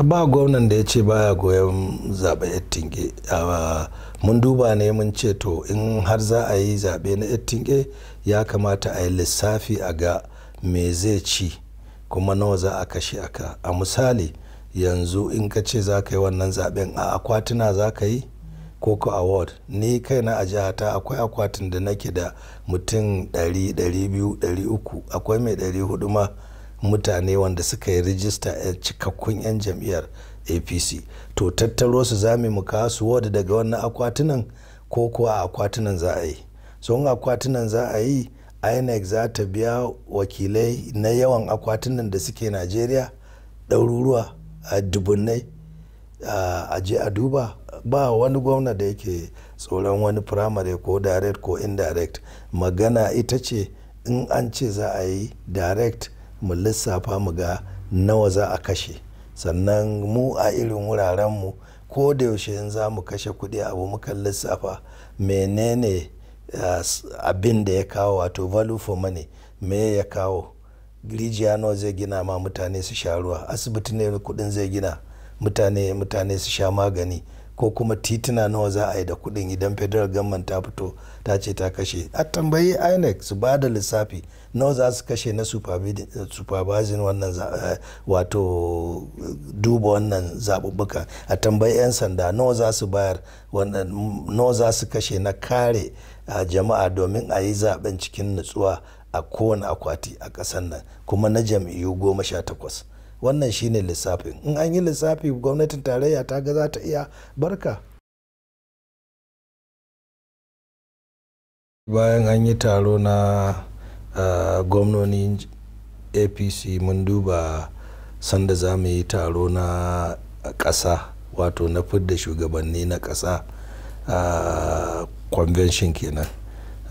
ba gwamnan da ya ce baya goyon zaɓe yattinke mun duba ne mun ce to in har za a yi zaɓe na yattinke ya kamata a yi lissafi a ga me zai ci kuma nawa za a kashe aka a misali yanzu in ka ce za ka yi wannan zaɓen a akwatuna za ka yi koko award ni kaina a jihata akwai akwatin da nake da mutum 100 200 300 akwai mai 400 ma mutane wanda suka yi rijista cikakkun 'yan jam'iyyar apc to tattaro su za mu kasu wadda daga wannan akwatunan ko kuwa a akwatunan za a yi so in akwatunan za a yi inec za ta biya wakilai na yawan akwatunan da suke najeriya ɗaruruwa a dubunnai a je a duba ba wani gwamna da yake tsoron wani primary ko direct ko indirect magana ita ce in an ce za a yi direct mu lissafa mu ga nawa za a kashe sannan mu a irin wuraren mu ko da yaushe in za mu kashe kuɗi abu muka lissafa menene eh, abin da ya kawo wato value for money me ya kawo rijiya nawa zai gina ma mutane su sha ruwa asibiti ne kuɗin zai gina mutane mutane su sha magani ko kuma tituna nawa za a yi da kuɗin idan federal government ta fito ta ce ta kashe a tambayi inec su ba da lissafi nawa za su kashe na supervision wannan eh, wato duba wannan zaɓuɓɓuka a tambayi 'yan sanda nawa za su bayar nawa za su kashe na kare jama'a domin a yi zaɓen cikin nutsuwa a kowane akwati a ƙasar nan kuma na jam'iyyu goma sha takwas wannan shine lissafin in an yi lissafi gwamnatin tarayya ta ga za ta iya barka bayan an yi taro na uh, gwamnonin apc mun duba sanda za mu yi taro na ƙasa wato na fidda shugabanni na ƙasa a uh, convention kenan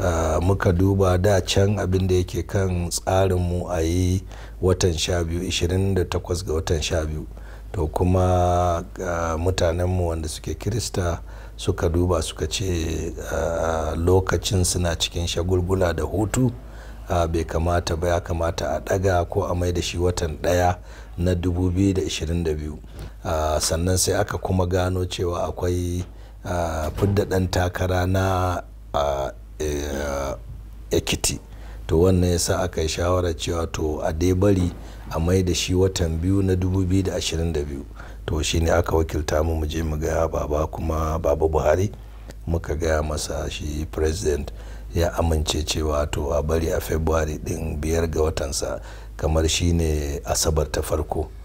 Ah, muka duba da can abin da yake kan tsarinmu a yi watan sha biyu 28 ga watan sha biyu to kuma ah, mutanenmu wanda suke kirista suka duba suka ce ah, lokacin suna cikin shagulgula da hutu bai kamata ba ya kamata a daga ko a mai da shi watan daya na 2022 sannan sai aka kuma gano cewa akwai fidda dan takara na Eh, ekiti to wannan ya sa aka yi shawarar cewa to a dai bari a mai da shi watan biyu na 2022 to shine aka wakilta mu mu je mu gaya baba kuma baba buhari muka gaya masa shi president ya amince cewa to a bari a february din biyar ga watansa kamar shine asabar ta farko